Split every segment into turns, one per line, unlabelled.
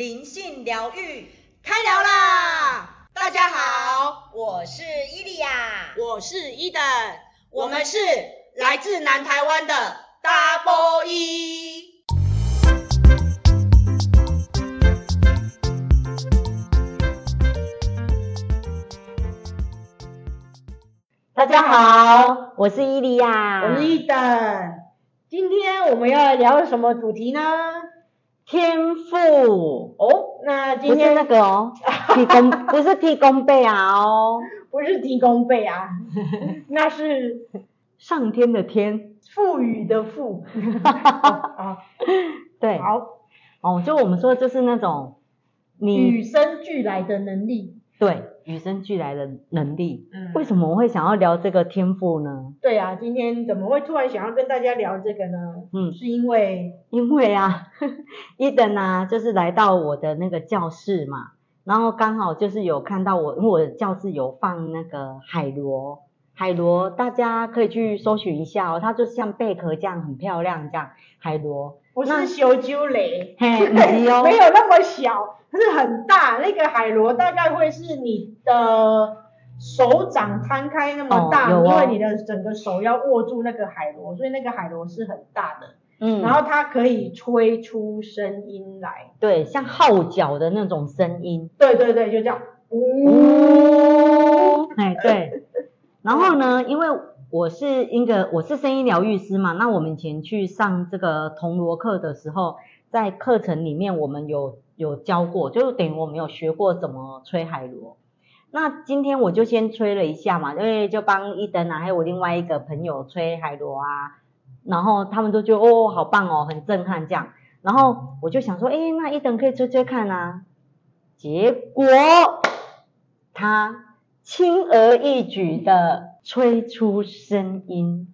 靈性療癒開聊啦！大家好，我是
伊利亞，我是伊登，我們是來自南台灣的 Double E。大家好，我是伊利亞，我是伊登，今天我們要聊什麼主題呢？天賦哦，那今天不是那個哦，提 供不是提供背啊哦，不是提供背啊， 那是上天的天，賦予的賦
啊，對，好哦，就我們說就是那種你與
生俱來的能力，
對。與生俱來的能力，為什麼我會想要聊這個天賦呢？嗯，
對啊，今天怎麼會突然想要跟大家聊這個呢？
嗯，是因為因為啊，Eden 啊，就是來到我的那個教室嘛，然後剛好就是有看到我，因為我的教室有放那個海螺，海螺大家可以去搜尋一下哦，它就像貝殼這樣很漂亮，這樣海螺
不是小丑雷，嘿， 沒有那麼小。它是很大，那個海螺大概會是你的手掌攤開那麼大。哦哦，因為你的整個手要握住那個海螺，所以那個海螺是很大的。
嗯，然後它
可以吹出聲音來，
對，像號角的那種聲音。
對對對，就這樣。
嗚，哎對， 然後呢，因為我是一個我是聲音療癒師嘛，那我們以前去上這個銅鑼課的時候，在課程裡面我們有。有教過，就等於我沒有學過怎麼吹海螺。那今天我就先吹了一下嘛，因為就幫 Eden 啊，還有我另外一個朋友吹海螺啊，然後他們都覺得哦，好棒哦，很震撼這樣。然後我就想說，誒，那 Eden 可以吹吹看啊。
結
果他輕而易舉地吹出聲音。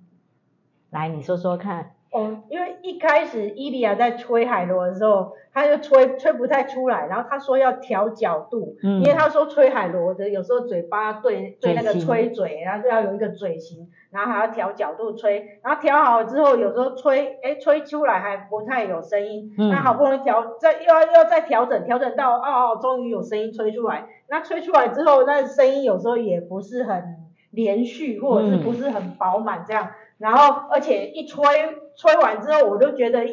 來，你說說
看。嗯、因為一開始伊利亞在吹海螺的時候，他就吹吹不太出來，然後他說要調角度，嗯、因為他說吹海螺的有時候嘴巴對嘴對那個吹嘴，然後要有一個嘴型，然後還要調角度吹，然後調好了之後有時候吹哎吹出來還不太有聲音，嗯、那好不容易調再又要又要再調整，調整到哦哦終於有聲音吹出來，那吹出來之後那個、聲音有時候也不是很連續或者是不是很飽滿這樣，嗯、然後而且一吹。吹完之後，我就覺得，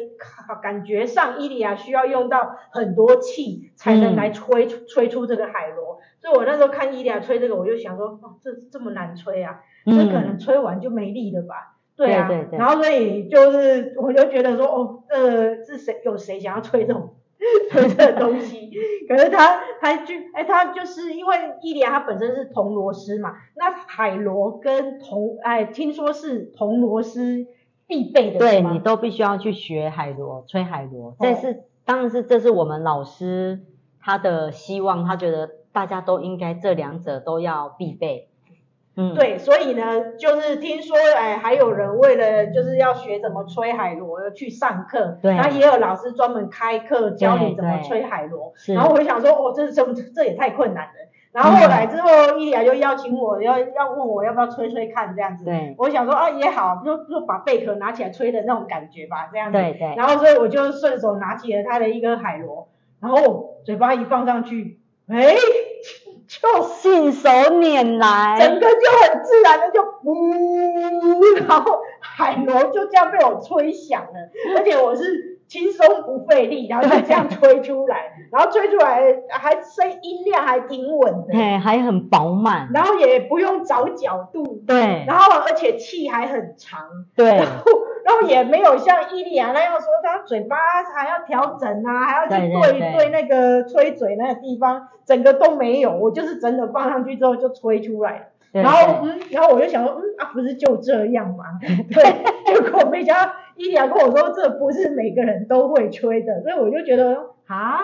感覺上伊利亞需要用到很多氣，才能來吹，嗯、吹出這個海螺。所以我那時候看伊利亞吹這個，我就想說，哇，哦，這這麼難吹啊，嗯！這可能吹完就沒力了吧？對啊。對對對，然後所以就是，我就覺得說，哦，呃，是誰有誰想要吹這種吹這個東西？ 可是他他就，誒、欸、他就是因為伊利亞他本身是銅螺絲嘛，那海螺跟銅，誒、哎，聽說是銅螺絲。必備的，對，你
都必須要去學海螺、吹海螺，但是，哦，當然是這是我們老師他的希望，他覺得大家都應該這兩者都要必備。嗯，
對，所以呢，就是聽說哎，還有人為了就是要學怎麼吹海螺去上課，那也有老師專門開課教你怎麼吹海螺，然後我想說哦，這這這也太困難了。然後後來之後，嗯、伊莉雅就邀請我，要要問我要不要吹吹看這樣子。對，我想說啊，也好，就就把貝殼拿起來吹的那種感覺吧，這樣子。對對。然後所以我就順手拿起了它的一根海螺，然後嘴巴一放上去，哎，就信手拈來，整個就很自然的就、嗯，然後海螺就這樣被我吹響了，而且我是。 輕鬆不費力，然後就這樣吹出來，然後吹出來還聲音量還挺穩的，
對，還很飽滿，然後
也不用找角度，對，然後、啊、而且氣還很長，
對，然後
然後也沒有像伊利亞那樣說他嘴巴還要調整啊，還要去對對那個吹嘴那個地方，整個都沒有，我就是真的放上去之後就吹出來了。然後，嗯，然後我就想說，嗯啊，不是就這樣嗎？對，結果沒想到 Eliya 跟我說，這不是每個人都會吹的，所以我就覺得啊，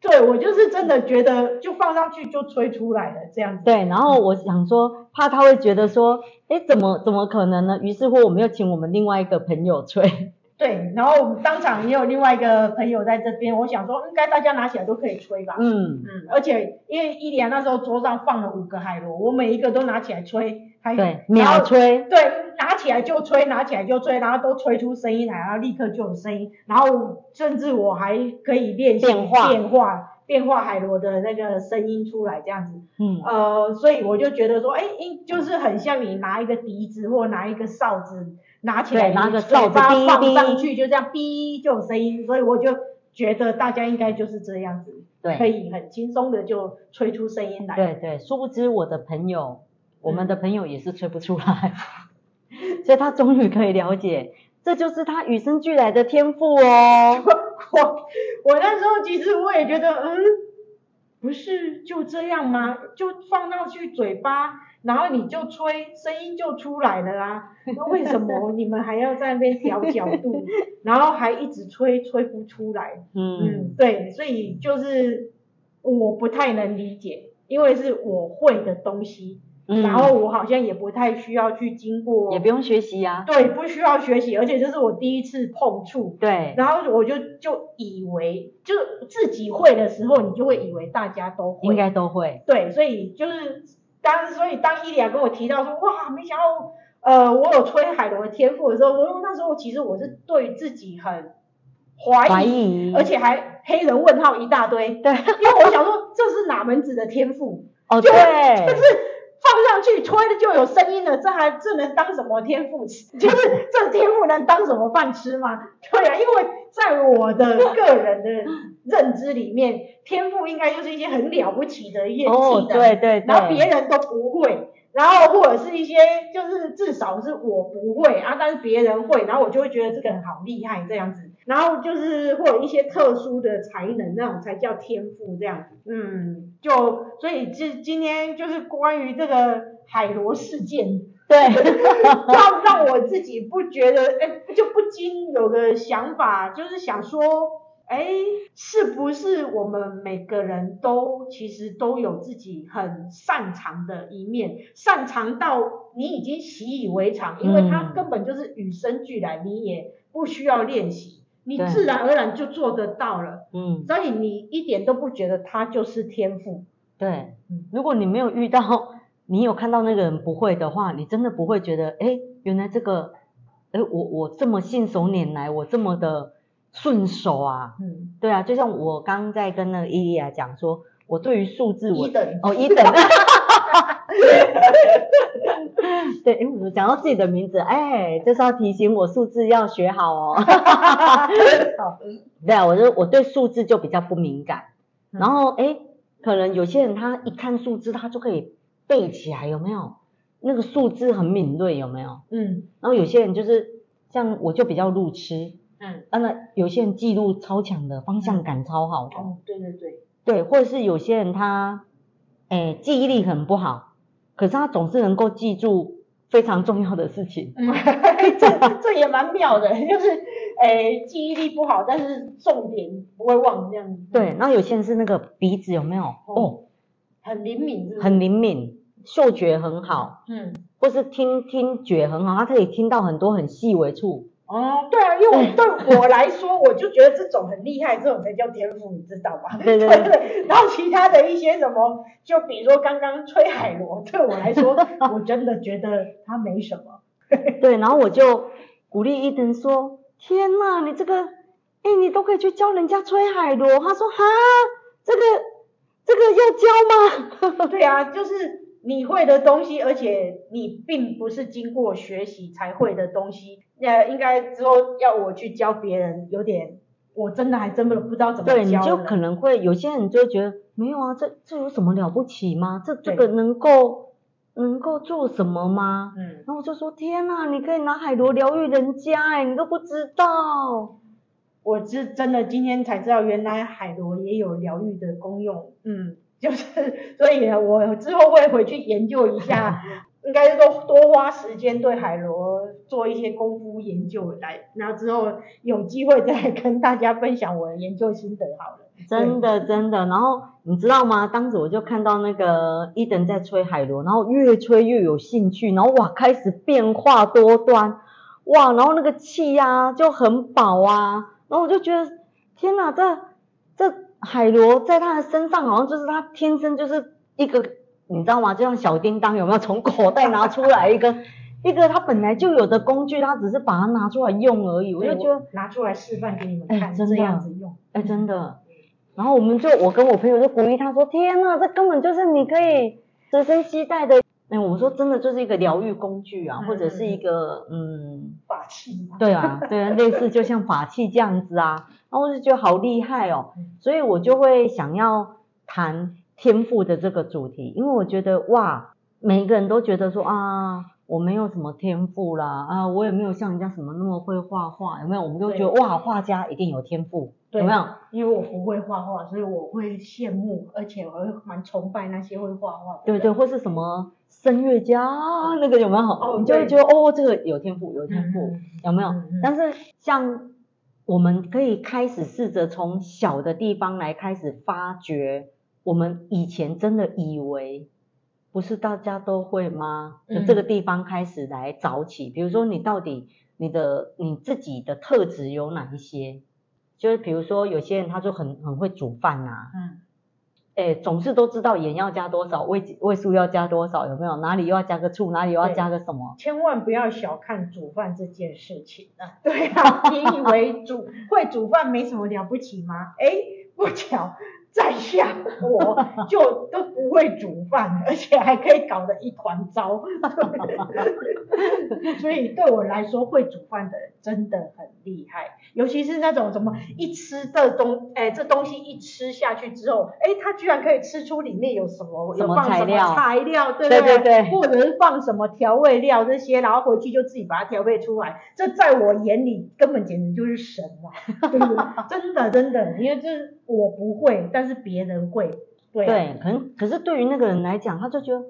對我就是真的覺得，就放上去就吹出來了這樣
子。對，然後我想說，嗯、怕他會覺得說，誒，怎麼怎麼可能呢？於是乎，我們又請我們另外一個朋友吹。
對，然後當場也有另外一個朋友在這邊，我想說應該大家拿起來都可以吹吧。嗯嗯。而且因為伊蓮那時候桌上放了五個海螺，我每一個都拿起來吹，對，秒吹。對，拿起來就吹，拿起來就吹，然後都吹出聲音來，然後立刻就有聲音。然後甚至我還可以練習變化變化變化海螺的那個聲音出來這樣子。嗯。呃，所以我就覺得說，哎，就是很像你拿一個笛子或拿一個哨子。拿起來，你嘴巴放上去，嘀嘀，就這樣，嗶就有聲音，所以我就覺得大家應該就是這樣子。對，可以很輕鬆的就吹出聲音來。對
對，殊不知我的朋友，我們的朋友也是吹不出來，嗯、 所以他終於可以了解，這就是
他與生俱來的天賦哦。 我我，我那時候其實我也覺得，嗯。不是就這樣嗎？就放上去嘴巴，然後你就吹，聲音就出來了啊。那為什麼你們還要在那邊調角度， 然後還一直吹，吹不出來？嗯，嗯，對，所以就是我不太能理解，因為是我會的東西。然後我好像也不太需要去經過，也不用學習啊。對，不需要學習，而且這是我第一次碰觸。對，然後我就就以為，就自己會的時候，你就會以為大家都會應該都會。對，所以就是當所以當伊利亞跟我提到說哇，沒想到呃我有吹海螺的天賦的時候，我說那時候其實我是對自己很懷疑，懷疑，而且還黑人問號一大堆。對，因為我想說這是哪門子的天賦？哦，對，但是。放上去吹了就有聲音了，這還這能當什麼天賦吃？就是這天賦能當什麼飯吃嗎？對啊，因為在我的個人的認知裡面，天賦應該就是一些很了不起的業績的，哦、對，對對。然後別人都不會，然後或者是一些就是至少是我不會啊，但是別人會，然後我就會覺得這個人好厲害這樣子。然後就是或有一些特殊的才能那種才叫天賦這樣子，嗯，就所以今今天就是關於這個海螺事件，對，讓 讓我自己不覺得，哎、欸，就不禁有個想法，就是想說，哎、欸，是不是我們每個人都其實都有自己很擅長的一面，擅長到你已經習以為常，因為它根本就是與生俱來，你也不需要練習。你自然而然就做得到了，嗯，所以你一點都不覺得他就是天賦，對，嗯，如果你沒有遇到，你有看到那
個人不會的話，你真的不會覺得，哎，原來這個，哎，我我這麼信手拈來，我這麼的順手啊，嗯，對啊，就像我剛在跟那個伊利亞講說，我對於數字我一等，哦一等。 對，哎，我講到自己的名字，哎，就是要提醒我數字要學
好哦。哈哈
哈，好。對啊，我就我對數字就比較不敏感。嗯。然後，哎，可能有些人他一看數字，他就可以背起來，有沒有？那個數字很敏銳，有沒有？嗯。然後有些人就是像我就比較路痴。嗯。那有些人記錄超強的方向感超好。嗯。哦，對對對。對，或者是有些人他，哎，記憶力很不好。可是他總是能夠記住非常重要的事情。嗯，
這 這，這也蠻妙的，就是誒、欸、記憶力不好，但是重點不會忘，這樣子。嗯、
對，那有些人是那個鼻子，有沒有？哦，
很靈敏，很
靈敏，敏，嗅覺很好，嗯，或是聽聽覺很好，他可以聽到很多很細微處。
哦，對啊，因為我對 我來說，我就覺得這種很厲害，這種才叫天賦，你知道嗎？ 對對對。 然後其他的一些什麼，就比如說剛剛吹海螺，對我來說， 我真的覺得它沒什麼。 對，然後我就鼓勵 Eden 說：“
天哪，你這個，哎，你都可以去教人家吹海螺。”他說：“哈，
這個，這個要教嗎？” 對啊，就是。你會的東西，而且你並不是經過學習才會的東西，那應該之後要我去教別人，有點我真的還真的不知道怎麼教。對，你就可能會有
些人就會覺得沒有啊，這這有什麼了不起嗎？這這個能夠能夠
做什麼嗎？嗯，然後我就說天哪，啊，你可以拿海螺療癒人家，欸，哎，你都不知道，我是真的今天才知道，原來海螺也有療癒的功用，嗯。就是，所以我之後會回去研究一下，應該說多花時間對海螺做一些功夫研究來，那之後有機會再跟大家分享我的研究心得好了。真的真
的，然後你知道嗎？當時我就看到那個 Eden 在吹海螺，然後越吹越有興趣，然後哇，開始變化多端，哇，然後那個氣壓啊，就很飽啊，然後我就覺得，天哪，這這。海螺在他的身上，好像就是他天生就是一個，你知道嗎？就像小叮噹有沒有從口袋拿出來一個，一個他本來就有的工具，他只是把它拿出來用而已。 我就覺得
拿出來示範給你們看，欸真的啊，這樣子用。哎，欸，
真的。然後我們就，我跟我朋友就鼓勵他說：“天啊，這根本就是你可以隨身攜帶的。欸”哎，我們說真的就是一個療癒工具啊，或者是一個嗯法
器。對啊，對啊，對啊 類似就
像法器這樣子啊。那我就覺得好厲害哦，所以我就會想要談天賦的這個主題，因為我覺得哇，每一個人都覺得說啊，我沒有什麼天賦啦，啊，我也沒有像人家什麼那麼會畫畫，有沒有？我們都覺得哇，畫家一定有天賦，有沒有？因
為我不會畫畫，所以我會羨慕，而且我會蠻崇拜那些會畫畫的。對對，或
是什麼聲樂家，那個有沒有？哦，就會覺得哦，這個有天賦，有天賦，嗯、有沒有？嗯、但是像。我們可以開始試着從小的地方來開始發掘，我們以前真的以為不是大家都會嗎？從這個地方開始來找起，比如說你到底你的你自己的特質有哪一些？就是比如說有些人他就很很會煮飯吶、啊，嗯哎、總是都知道鹽要加多少，味味素要加多少，有沒有哪裡又要加個醋，哪裡又要加個什麼？
千萬不要小看煮飯這件事情啊！對啊， 你以為煮會煮飯沒什麼了不起嗎？哎、欸，不巧。在下我就都不會煮飯， 而且還可以搞得一團糟， 所以對我來說，會煮飯的人真的很厲害。尤其是那種什麼一吃這東，哎、欸，這東西一吃下去之後，哎、欸，他居然可以吃出裡面有什麼什麼，有放什麼材料，對對對，對對或者是放什麼調味料這些，然後回去就自己把它調配出來。 這在我眼裡根本簡直就是神嘛、啊，真的真的，因為這我不會，但。但是別
人貴，對，可能可是對於那個人來講，他就覺得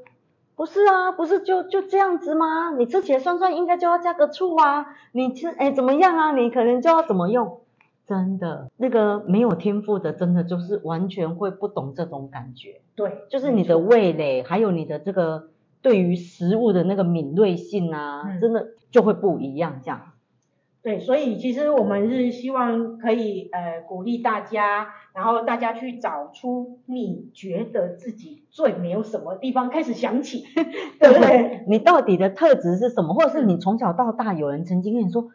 不是啊，不是就就這樣子嗎？你吃起來酸酸，應該就要加個醋啊。你吃誒怎麼樣啊？你可能就要怎麼用？真的，那個沒有天賦的，真的就是完全會不懂這種感覺。對，就是你的味蕾，還有你的這個對於食物的那個敏銳性啊，嗯、真的就會不一樣這樣。
對，所以其實我們是希望可以呃鼓勵大家，然後大家去找出你覺得自己最沒有什麼地方開始想起，對不對？呵
呵，對？你到底的特質是什麼？或者是你從小到大有人曾經跟你說，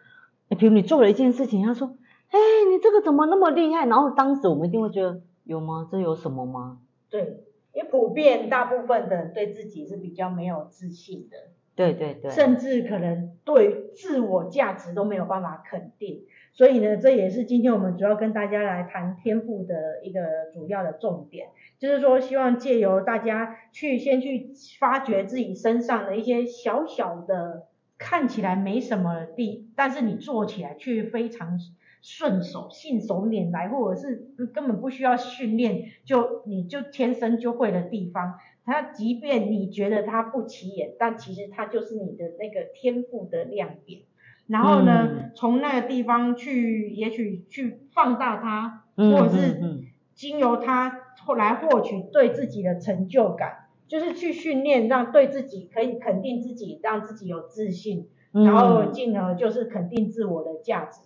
誒，比如你做了一件事情，他說，哎，你這個怎麼那麼厲害？然後當時我們一定會覺得，有嗎？這有
什麼嗎？對，因為普遍大部分的人對自己是比較沒有自信的。對對對，甚至可能對自我價值都沒有辦法肯定，所以呢，這也是今天我們主要跟大家來談天賦的一個主要的重點，就是說希望借由大家去先去發掘自己身上的一些小小的看起來沒什麼的地，但是你做起來卻非常順手，信手拈來，或者是根本不需要訓練就你就天生就會的地方。他即便你覺得他不起眼，但其實他就是你的那個天賦的亮點。然後呢，嗯、從那個地方去，也許去放大它，或者是經由它來獲取對自己的成就感，就是去訓練讓對自己可以肯定自己，讓自己有自信，然後進而就是肯定自我的價值。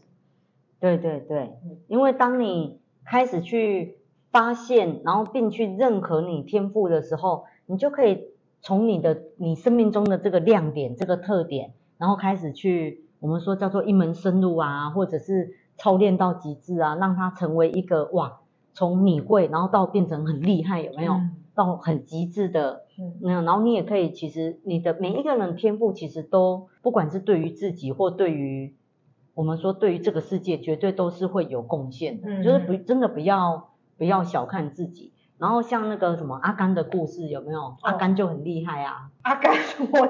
嗯、
對對對，因為當你開始去。發現，然後並去認可你天賦的時候，你就可以從你的你生命中的這個亮點、這個特點，然後開始去我們說叫做一門深入啊，或者是操練到極致啊，讓它成為一個哇，從你會，然後到變成很厲害，有沒有？嗯、到很極致的。那然後你也可以，其實你的每一個人天賦，其實都不管是對於自己或對於我們說對於這個世界，絕對都是會有貢獻的。嗯、就是不真的不要。不要小看自己。然後像那個什麼阿甘的故事有沒有？哦、阿甘就很厲害啊！阿甘，
啊，我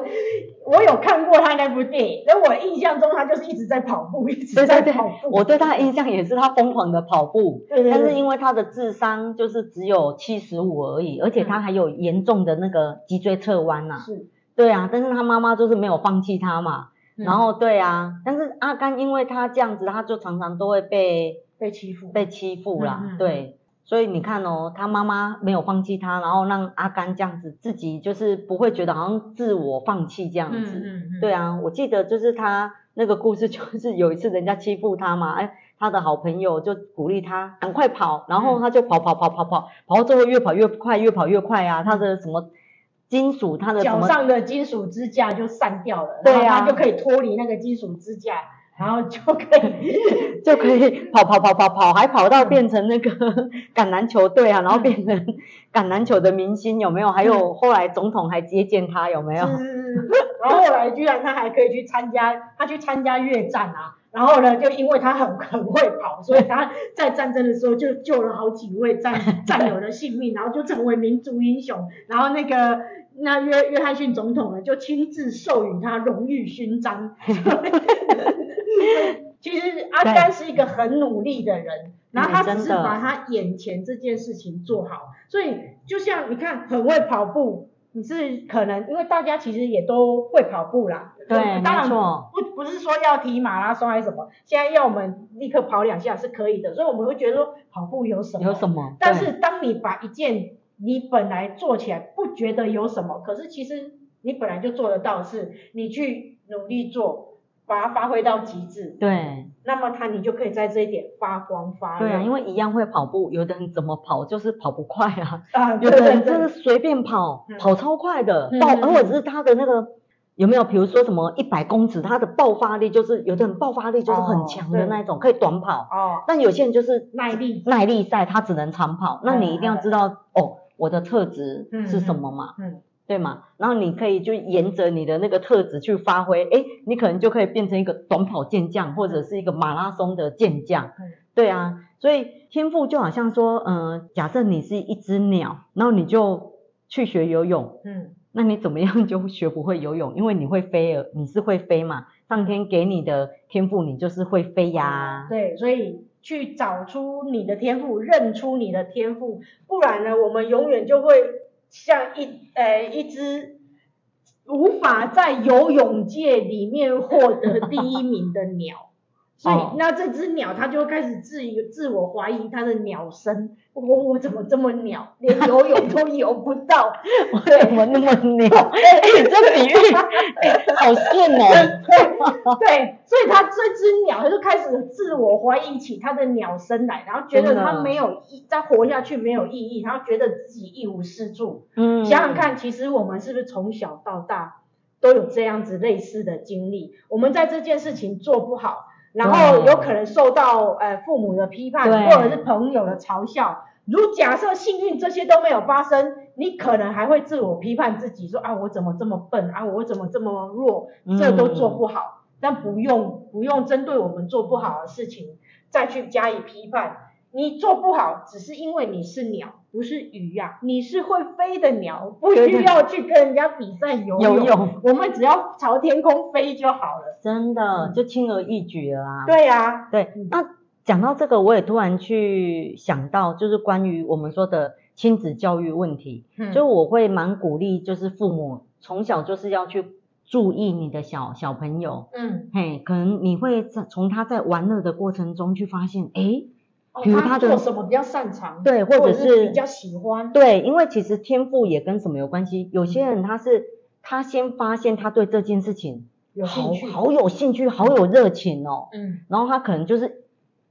我有看過他那部電影，在我印象中他就是一直在跑
步，一直在跑步。對對對，我對他的印象也是他瘋狂的跑步，對對對。但是因為他的智商就是只有七十五而已，對對對，而且他還有嚴重的那個脊椎側彎啊。是。對啊，但是他媽媽就是沒有放棄他嘛。然後對啊，但是阿甘因為他這樣子，他就常常都會被被欺負，被欺負啦，嗯，對。所以你看哦，他媽媽沒有放棄他，然後讓阿甘這樣子，自己就是不會覺得好像自我放棄這樣子。嗯，嗯，嗯。對啊，我記得就是他那個故事，就是有一次人家欺負他嘛，哎，他的好朋友就鼓勵他趕快跑，然後他就跑跑跑跑跑，跑到最後越跑越快，越跑越快啊，他的什麼金屬，他的什麼腳上的
金屬支架就散掉了，對啊，他就可以脫離那個金屬支架。
然後就可以 就可以跑跑跑跑跑，還跑到變成那個橄欖球隊啊，然後變成橄欖球的明星有沒有？還有後來總統還接見他有沒有？
然後後來居然他還可以去參加，他去參加越戰啊。然後呢，就因為他很很會跑，所以他在戰爭的時候就救了好幾位戰戰友的性命， 然後就成為民族英雄。然後那個那約約翰遜總統呢，就親自授予他榮譽勳章。 其實阿甘、啊、是一個很努力的人，然後他只是把他眼前這件事情做好。嗯、所以就像你看，很會跑步，你是可能因為大家其實也都會跑步啦。對，嗯、當然不不是說要提馬拉松還是什麼，現在要我們立刻跑兩下是可以的。所以我們會覺得說跑步有什麼？有什麼？但是當你把一件你本來做起來不覺得有什麼，可是其實你本來就做得到的事，你去努力做。把它發揮到極致、嗯。對。那麼他，你就可以在這一點發光發亮。對啊，因為一樣
會跑步，有的人怎麼跑就是跑不快啊。啊、對對對、有的人就是隨便跑，嗯、跑超快的、嗯、爆、嗯嗯。而我只是他的那個有沒有？比如說什麼一百公尺，他的爆發力就是有的人爆發力就是很強的那種、哦、那種，可以短跑。哦。但有些人就是耐力耐力賽，他只能長跑。那你一定要知道、嗯嗯、哦，我的特質是什麼嘛？嗯。嗯嗯嗯對嘛？然後你可以就沿着你的那個特質去發揮，誒，你可能就可以變成一個短跑健將，或者是一個馬拉松的健將。嗯、對啊，所以天賦就好像說，嗯、呃，假設你是一只鳥，然後你就去學游泳，嗯，那你怎麼樣就學不會游泳，因為你會飛，呃，你是會飛嘛，上天給你的天賦你就是會飛呀、
啊。對，所以去找出你的天賦，認出你的天賦，不然呢，我們永遠就會。嗯像一誒、一隻無法在游泳界裡面獲得第一名的鳥。所以，那這隻鳥，它就會開始自自我懷疑它的鳥生。我、哦、我怎麼這麼鳥，連游泳都游不到， 我怎麼那麼鳥？哎、欸， 這比喻、 欸、好順哦、喔。對，所以它這隻鳥，它就開始自我懷疑起它的鳥生來，然後覺得它沒有意，它活下去沒有意義，然後覺得自己一無是處、嗯。想想看，其實我們是不是從小到大都有這樣子類似的經歷？我們在這件事情做不好。然後有可能受到呃父母的批判，或者是朋友的嘲笑。如假設幸運，這些都沒有發生，你可能還會自我批判自己說，說啊我怎麼這麼笨啊，我怎麼這麼弱，這都做不好。嗯、但不用不用針對我們做不好的事情再去加以批判，你做不好，只是因為你是鳥。不是魚呀，啊，你是會飛的鳥，不需要去跟人家比賽游泳。游泳，我們只要朝天空飛就好了，
真的就輕而易舉
了啊。對呀，啊，
對。那講到這個，我也突然去想到，就是關於我們說的親子教育問題，嗯、就我會蠻鼓勵，就是父母從小就是要去注意你的小小朋友，嗯，嘿、hey,，可能你會從他在玩樂的過程中去發現，誒、欸
哦、他做什麼比較擅長，對，或者是比較喜歡，對，因
為其實天賦也跟什麼有關係。有些人他是、嗯、他先發現他對這件事情好有興趣好有興趣，好有熱情哦，嗯，嗯然後他可能就是。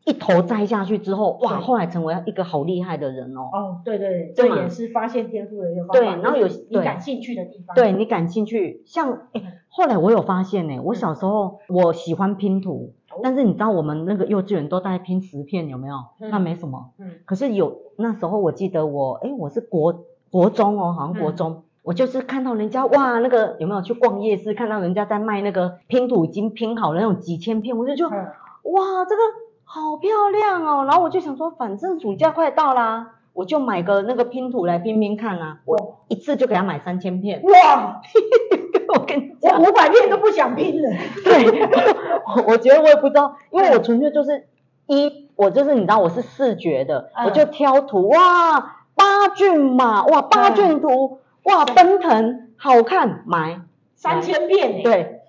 一頭栽下去之後，哇！後來成為一個好厲害的人哦。哦、oh,，對對，這也是
發現天賦的一個方法。對，然後有你感興趣的地方。對，對你感
興趣，像、欸，後來我有發現呢、欸，我小時候我喜歡拼圖、嗯，但是你知道我們那個幼稚園都在拼十片有沒有、嗯？那沒什麼。嗯。可是有那時候我記得我，哎、欸，我是國國中哦，好像國中、嗯、我就是看到人家哇，那個有沒有去逛夜市，看到人家在賣那個拼圖已經拼好了那種幾千片，我就覺得、嗯、哇這個。好漂亮哦！然後我就想說，反正暑假快到啦、啊，我就買個那個拼圖來拼拼看啊。我一次就給他買三千片，哇！
我跟你講……你我五百片都不想拼了。
對，我 我覺得我也不知道，因為我純粹就是、嗯、一，我就是你知道我是視覺的，嗯、我就挑圖哇，八駿馬哇，八駿圖、嗯、哇，奔騰好看，買、嗯、
三千片對，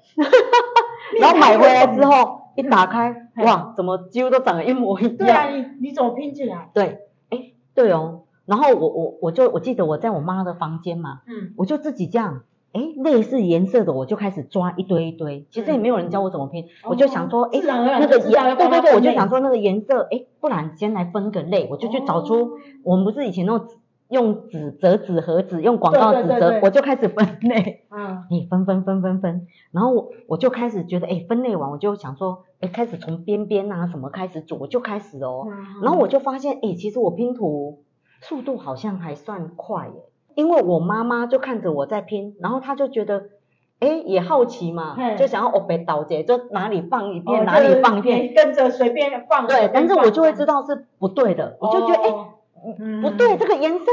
然後買回來之後。
一打開、嗯，哇，怎麼幾乎都長得一模一樣？對啊，你
你怎麼拼起來？
對，哎，對哦。然後我我我就我記得我在我媽的房間嘛，嗯，我就自己這樣，哎，類似顏色的我就開始抓一堆一堆。其實也沒有人教我怎麼拼，嗯、我就想說，哎，哦，那個顏對對對，我就想說那個顏色，哎，不然先來分個類，我就去找出、哦，我們不是以前那種。用紙折紙盒子，用廣告紙折，對對對對，我就開始分類。嗯，你分分分分分，然後我我就開始覺得，哎，分類完我就想說，哎，開始從邊邊啊什麼開始組，我就開始哦。嗯、然後我就發現，哎，其實我拼圖速度好像還算快耶。因為我媽媽就看着我在拼，然後她就覺得，哎，也好奇嘛，嗯、就想要我被倒解，就哪裡放一片哪裡放一片，跟着隨
便放一片。對，但是我就會知
道是不對的，我、哦、就覺得哎。誒嗯，嗯，不對，這個顏色、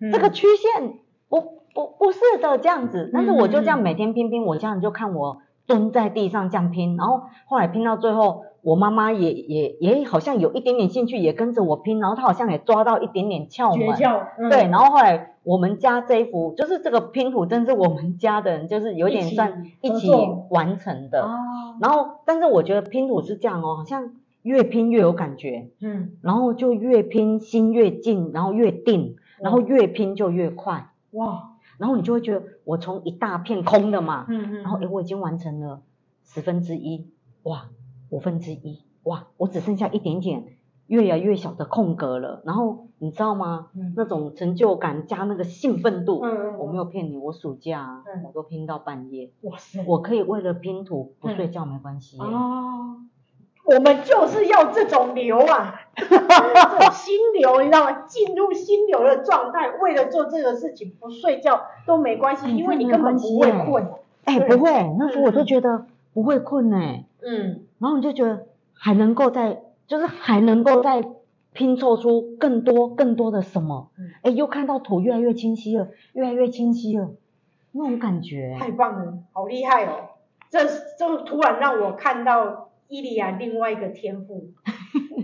嗯，這個曲線，不不不是的這樣子、嗯。但是我就這樣每天拼拼，我這樣就看我蹲在地上這樣拼，然後後來拼到最後，我媽媽也也也好像有一點點興趣，也跟着我拼，然後她好像也抓到一點點竅門、訣竅、嗯，對。然後後來我們家這一幅，就是這個拼圖，真是我們家的人就是有點算一起完成的。哦、然後，但是我覺得拼圖是這樣哦，好像。越拼越有感覺，嗯，然後就越拼心越靜，然後越定、嗯，然後越拼就越快，哇！然後你就會覺得我從一大片空的嘛，嗯嗯，然後誒我已經完成了十分之一，哇，五分之一，哇，我只剩下一點點越來越小的空格了，然後你知道嗎？嗯、那種成就感加那個興奮度，嗯，嗯，嗯我沒有騙你，我暑假、嗯、我都拼到半夜，哇塞，我可以為了拼圖不睡覺、嗯、沒關係，啊、嗯。哦
我們就是要這種流啊、 嗯，這種心流，你知道嗎？進入心流的狀態，為了做這個事情不睡覺都沒關係、欸，因為你根本不會困。哎、欸欸欸，不會，那時候我
就覺得不會困呢、欸。嗯，
然
後我就覺得還能夠再，就是還能夠再拼湊出更多更多的什麼。嗯。哎，又看到圖越來越清晰了，越來越清晰了，那種感覺、啊、太棒
了，好厲害哦！這這突然讓我看到。伊利亞另外一個天賦，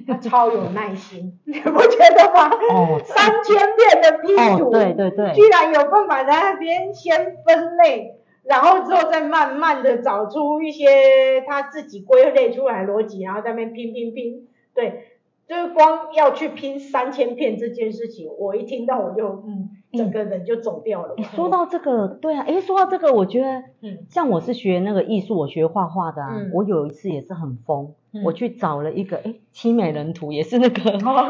他超有耐心， 你不覺得嗎？哦、三千片的拼圖，哦，對對對，居然有辦法在那邊先分類，然後之後再慢慢的找出一些他自己歸類出來的邏輯，然後在那邊拼拼拼。對，就是光要去拼三千片這件事情，我一聽到我就嗯。整個人就走掉了。你、嗯、
說到這個，對啊，哎，說到這個，我覺得，嗯，像我是學那個藝術，我學畫畫的啊，啊、嗯。我有一次也是很瘋，嗯、我去找了一個，誒《七美人圖》也是那個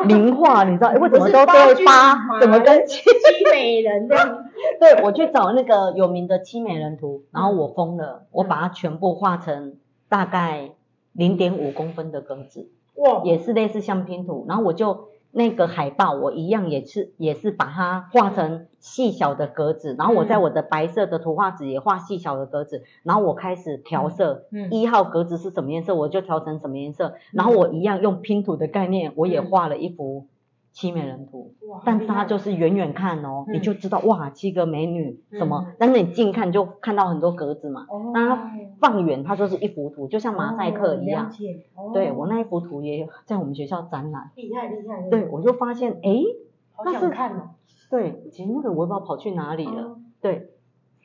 名畫、哦，你知道，誒為什麼都對八,八，怎麼跟七,七美人這樣？ 對，我去找那個有名的《七美人圖》，然後我瘋了、嗯，我把它全部畫成大概零點五公分的格子，哇，也是類似相拼圖，然後我就。那個海報，我一樣也是，也是把它畫成細小的格子，然後我在我的白色的圖畫紙也畫細小的格子，然後我開始調色，嗯嗯、一號格子是什麼顏色，我就調成什麼顏色，然後我一樣用拼圖的概念，我也畫了一幅。七美人圖，但是它就是遠遠看哦，你就知道、嗯、哇，七個美女什麼、嗯，但是你近看就看到很多格子嘛。哦、那它放遠，它、哎、就是一幅圖，就像馬賽克一樣。哦哦、對我那一幅圖也在我們學校展覽。厲害厲害，害。對，我就發現哎、欸，哦，好想看哦。那是。對。其實那個我也不知道跑去哪裡了、哦。對。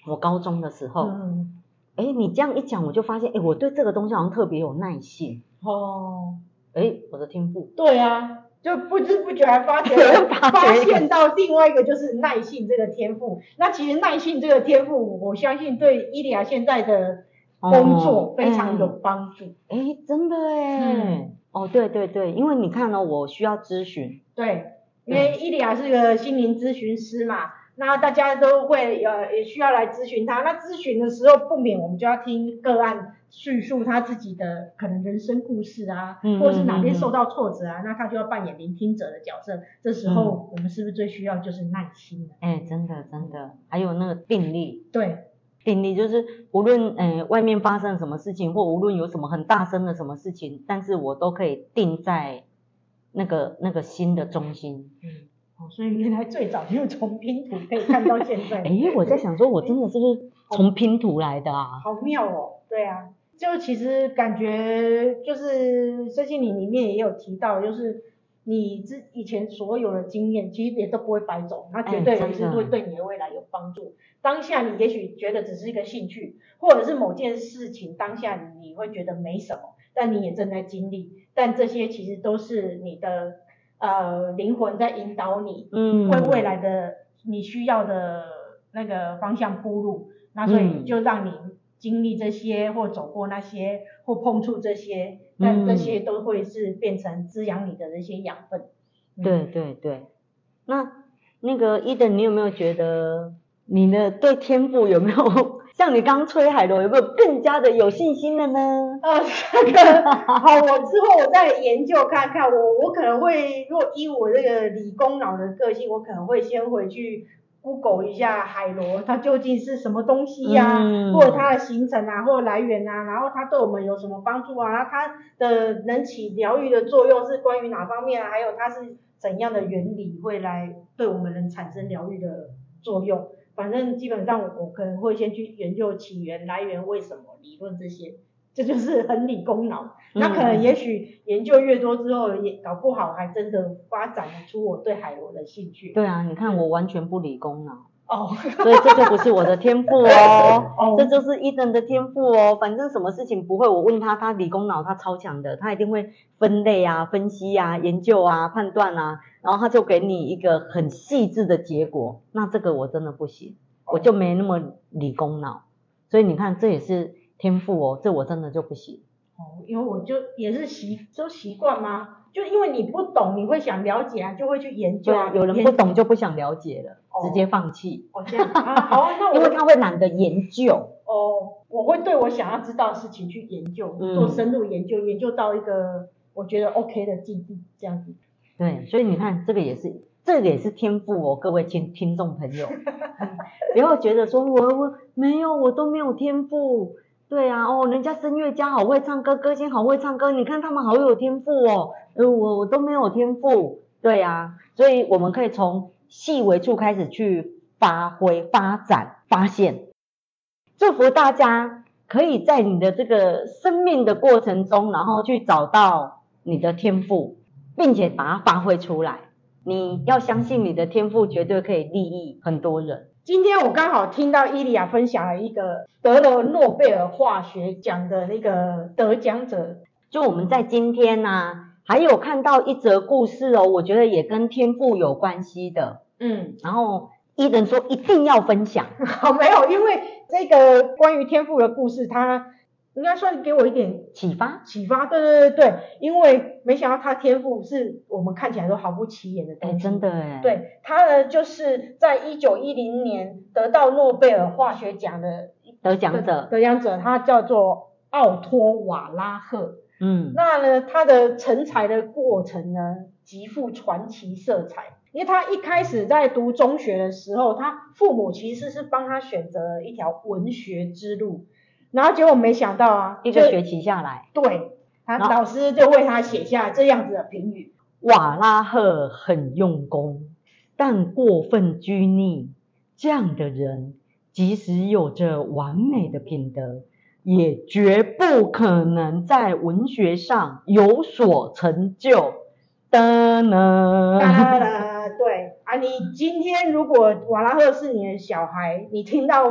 我高中的時候。誒、嗯、哎、欸，你這樣一講，我就發現哎、欸，我對這個東西好像特別有耐性。
哦。哎、欸，我的天賦。對呀、啊。就不知不覺還發覺 發現到另外一個就是耐性這個天賦，那其實耐性這個天賦，我相信對伊莉亞現在的工作非常有幫
助。哦、誒真的誒、嗯，哦，對對對，因為你看呢、哦，我需要諮詢，
對，因為伊莉亞是個心靈諮詢師嘛。那大家都會呃、也需要來諮詢他，那諮詢的時候不免我們就要聽個案敘述他自己的可能人生故事啊，嗯嗯嗯、或者是哪邊受到挫折啊，那他就要扮演聆聽者的角色。這時候我們是不是最需要就是耐心？哎、嗯欸，真的真的，
還有那個定力。對，定力就是無論嗯、呃、外面發生了什麼事情，或無論有什麼很大聲的什麼事情，但是我都可以定在那個那個心的中心。嗯。嗯
哦，所以原來最早就從拼圖可以看到現
在。哎， 我在想說，我真的是不是從拼圖來的啊？
好，好妙哦，對啊，就其實感覺就是最近你裡面也有提到，就是你之以前所有的經驗，其實也都不會白走，那絕對也是會對你的未來有幫助。哎。當下你也許覺得只是一個興趣，或者是某件事情，當下你你會覺得沒什麼，但你也正在經歷，但這些其實都是你的。呃，靈魂在引導你，嗯，為未來的你需要的那個方向鋪路。那所以就讓你經歷這些，嗯，或走過那些，或碰觸這些，但這些都會是變成滋養你的那些養分，嗯。
對對對。
那那個
Eden，你有沒有覺得你的對天賦有沒有？像你剛剛吹海螺，有沒
有更加的有信心了呢？呃、哦，這個好，我之後我再研究看看。我我可能會，如果依我這個理工腦的個性，我可能會先回去 Google 一下海螺，它究竟是什麼東西呀？啊，嗯？或者它的形成啊，或者來源啊，然後它對我們有什麼幫助啊？它的能起療癒的作用是關於哪方面啊？還有它是怎樣的原理會來對我們能產生療癒的作用？反正基本上我，我可能會先去研究起源、來源、為什麼、理論這些，這就是很理工腦。那可能也許研究越多之後，也搞不好還真的發展出我對海螺的興趣。嗯。對啊，你
看我完全不理工腦。
哦、oh, 所以這就不是我的天賦哦， 這
就是 Eden 的天賦哦。反正什麼事情不會，我問他，他理工腦，他超強的，他一定會分類啊、分析啊、研究啊、判斷啊，然後他就給你一個很細緻的結果。那這個我真的不行，oh. 我就沒那麼理工腦。所以你看，這也是天賦哦，這我真的就不行。哦、oh,，
因為我就也是習就習慣嘛、啊，就因為你不懂，你會想了解啊，就會去研究、啊。有人不
懂就不想了解了。直接放棄，哦，這
樣啊。好，啊，那我因為他
會懶得研究。
哦，我會對我想要知道的事情去研究，做深入研究，嗯、研究到一個我覺得 OK 的境地。這樣
子。對，所以你看，這個也是，這個也是天賦哦，各位聽聽眾朋友，不 要覺得說，我我沒有，我都沒有天賦。對啊，哦，人家聲樂家好會唱歌，歌星好會唱歌，你看他們好有天賦哦，呃、我我都沒有天賦。對啊，所以我們可以從。細微處開始去發揮、發展、發現，祝福大家可以在你的這個生命的過程中，然後去找到你的天賦，並且把它發揮出來。你要相信你的天賦絕對可以利益很多人。
今天我剛好聽到伊利亞分享了一個得了諾貝爾化學獎的那個得獎者，就我們在今天呢、啊。還
有看到一則故事哦，我覺得也跟天賦有關係的。嗯，然後
一人說一定要分享，沒有，因為這個關於天賦的故事，它應該算給我一點啟發。啟發，對對對對，因為沒想到他天賦是我們看起來都毫不起眼的東西。欸，真的，對他呢，的就是在一九一零年得到諾貝爾化學獎的得獎者，得，得獎者他叫做奧托瓦拉赫。嗯，那呢，他的成才的過程呢，極富傳奇色彩。因為他一開始在讀中學的時候，他父母其實是幫他選擇了一條文學之路，然後結果沒想到啊，一個學期下來，對，他老師就為他寫下這樣子的評語：
瓦拉赫很用功，但過分拘泥。這樣的人，即使有着完美的品德。嗯也絕不可能在文學上有所成就。的呢，
對啊，你今天如果瓦拉赫是你的小孩，你聽到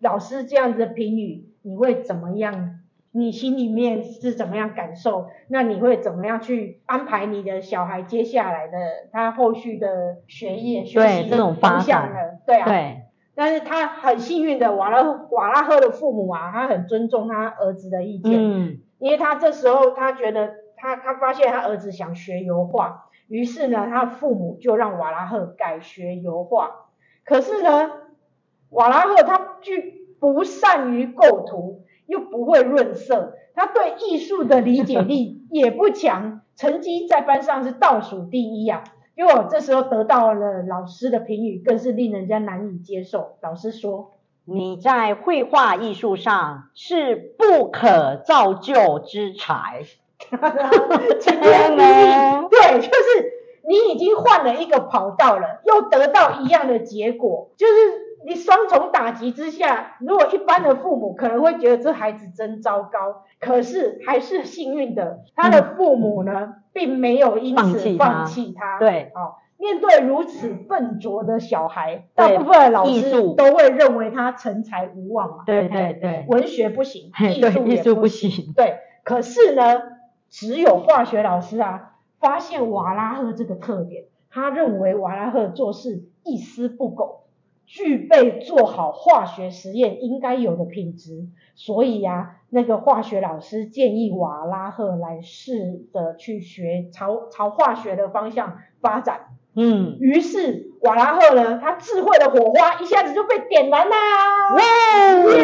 老師這樣子的評語，你會怎麼樣？你心裡面是怎麼樣感受？那你會怎麼樣去安排你的小孩接下來的他後續的學業學習方向呢？對啊。對但是他很幸運的，瓦拉瓦拉赫的父母啊，他很尊重他兒子的意見。嗯。因為他這時候他覺得他他發現他兒子想學油畫，於是呢，他父母就讓瓦拉赫改學油畫。可是呢，瓦拉赫他既不善於構圖，又不會潤色，他對藝術的理解力也不強， 成績在班上是倒數第一呀，啊。因為我這時候得到了老師的評語，更是令人家難以接受。老師說：“你在繪畫藝術上是
不可造就之才。
”真的嗎？對，就是你已經換了一個跑道了，又得到一樣的結果，就是。你雙重打擊之下，如果一般的父母可能會覺得這孩子真糟糕，可是還是幸運的，他的父母呢並沒有因此放棄他。、嗯、放棄他。對，哦，面對如此笨拙的小孩，大部分的老師都會認為他成才無望嘛，對對對。
對對對，文
學不行，對藝術也對藝術不行。對，可是呢，只有化學老師啊發現瓦拉赫這個特點，他認為瓦拉赫做事一絲不苟。具備做好化學實驗應該有的品質，所以呀、啊，那個化學老師建議瓦拉赫來試着去學，朝朝化學的方向發展。嗯，於是瓦拉赫呢，他智慧的火花一下子就被點燃啦、啊！哇耶，耶，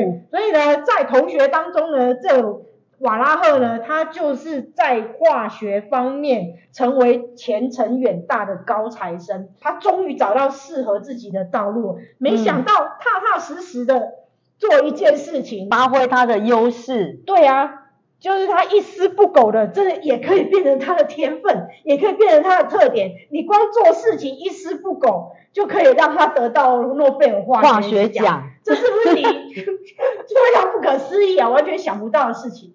耶！所以呢，在同學當中呢，這。瓦拉赫呢，他就是在化學方面成為前程遠大的高材生。他終於找到適合自己的道路。沒想到踏踏實實的做一件事情，嗯，發揮他的優勢。對啊，就是他一絲不苟的，這也可以變成他的天分，也可以變成他的特點。你光做事情一絲不苟，就可以讓他得到諾貝爾化學化學獎。這是不是你非常不可思議啊？完全想不到的事情。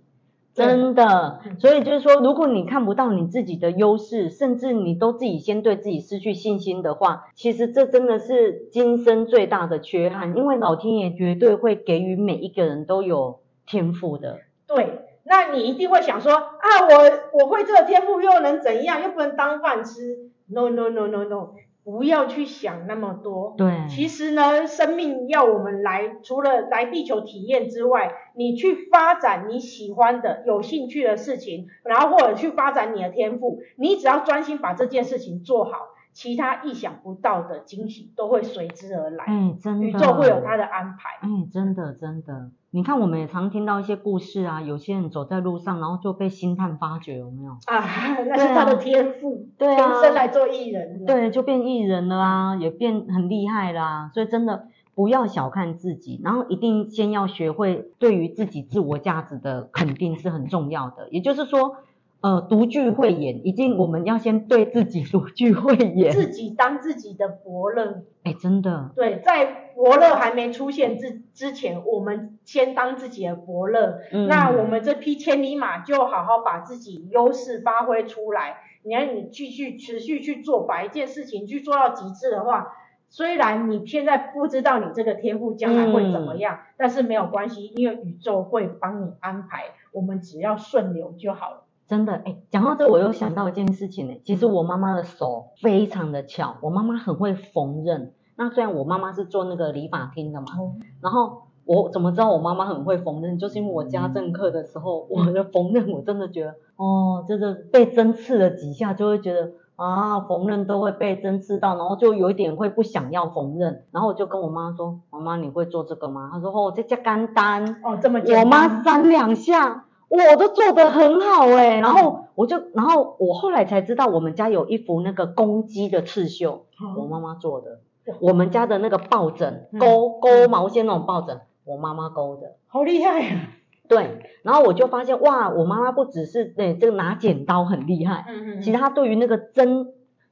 真的，所以就是說，如果你看不到你自己的優勢，甚至你都自己先對自己失去信心的話，其實這真的是今生最大的缺憾，因為老天爺絕對會給予每一個人都有天賦的。
對，那你一定會想說，啊，我我會這個天賦又能怎樣？又不能當飯吃。No, no, no, no, no。不要去想那麼多，對，其實呢，生命要我們來，除了來地球體驗之外，你去發展你喜歡的、有興趣的事情，然後或者去發展你的天賦，你只要專心把這件事情做好。其他意想不到的驚喜都會隨之而來。嗯、欸，真的，宇宙會有他的安排。嗯、
欸，真的，真的。你看，我們也常聽到一些故事啊，有些人走在路上，然後就被星探發掘，有沒有？啊，
那是他的天賦、啊，天生來做藝人，對、
啊。對，就變藝人了啊，也變很厲害啦、啊。所以真的不要小看自己，然後一定先要學會對於自己自我價值的肯定是很重要的。也就是說。呃，獨具慧眼，一定我們要先對自己獨具慧眼，自己
當自己的伯樂。
哎、欸，真的。
對，在伯樂還沒出現之之前，我們先當自己的伯樂。嗯。那我們這匹千里馬就好好把自己優勢發揮出來。你看，你繼續持續去做，把一件事情去做到極致的話，雖然你現在不知道你這個天賦將來會怎麼樣，嗯、但是沒有關係，因為宇宙會幫你安排，我們只要順流就好了。真的！哎，
講到這我又想到一件事情哎、欸，其實我媽媽的手非常的巧，我媽媽很會縫紉。那雖然我媽媽是做那個理髮廳的嘛、哦，然後我怎麼知道我媽媽很會縫紉，就是因為我家政課的時候、嗯，我的縫紉我真的覺得，哦，就是被針刺了幾下就會覺得啊，縫紉都會被針刺到，然後就有一點會不想要縫紉。然後我就跟我媽說，媽媽你會做這個嗎？她說哦，這麼簡單，哦，這麼簡單，我媽三兩下。我都做得很好哎、欸，然後我就，然後我後來才知道，我們家有一幅那個公雞的刺繡，oh. 我媽媽做的。Oh. 我們家的那個抱枕，oh. 勾勾毛線那種抱枕，我媽媽勾的，好厲害啊！對，然後我就發現哇，我媽媽不只是誒、欸、這個拿剪刀很厲害，嗯嗯，其實她對於那個針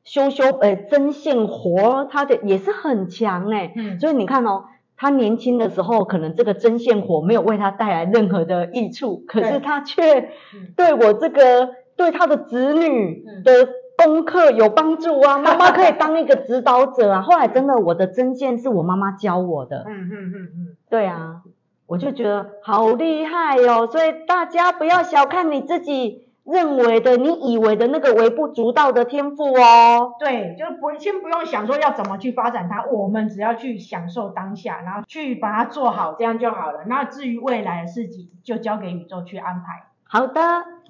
修修誒針線活，她的也是很強哎、欸，oh. 所以你看哦。他年輕的時候，可能這個針線活沒有為他帶來任何的益處，可是他卻對我這個對他的子女的功課有幫助啊！媽媽可以當一個指導者啊！後來真的，我的針線是我媽媽教我的。嗯嗯嗯嗯，對啊，我就覺得好厲害哦！所以大家不要小看你自己。認為的，你以為的那個微不足道的天賦哦，
對，就不，先不用想說要怎麼去發展它，我們只要去享受當下，然後去把它做好，這樣就好了。那至於未來的事情，就交給宇宙去安排。
好的，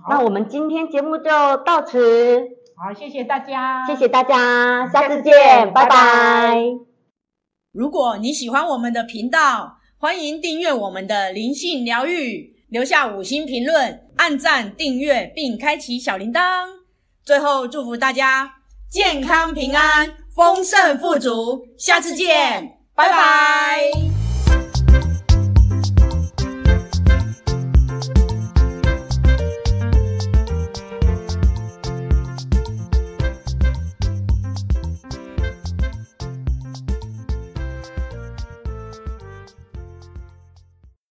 好，那我們今天節目就到此。
好，謝謝大家，謝謝大家，下次見，下次見，拜拜，拜拜。如果你喜歡我們的頻道，歡迎訂閱我們的靈性療癒。留下五星評論、按讚、訂閱並開啟小鈴鐺。最後祝福大家健康平安、豐盛富足，下次見，拜拜。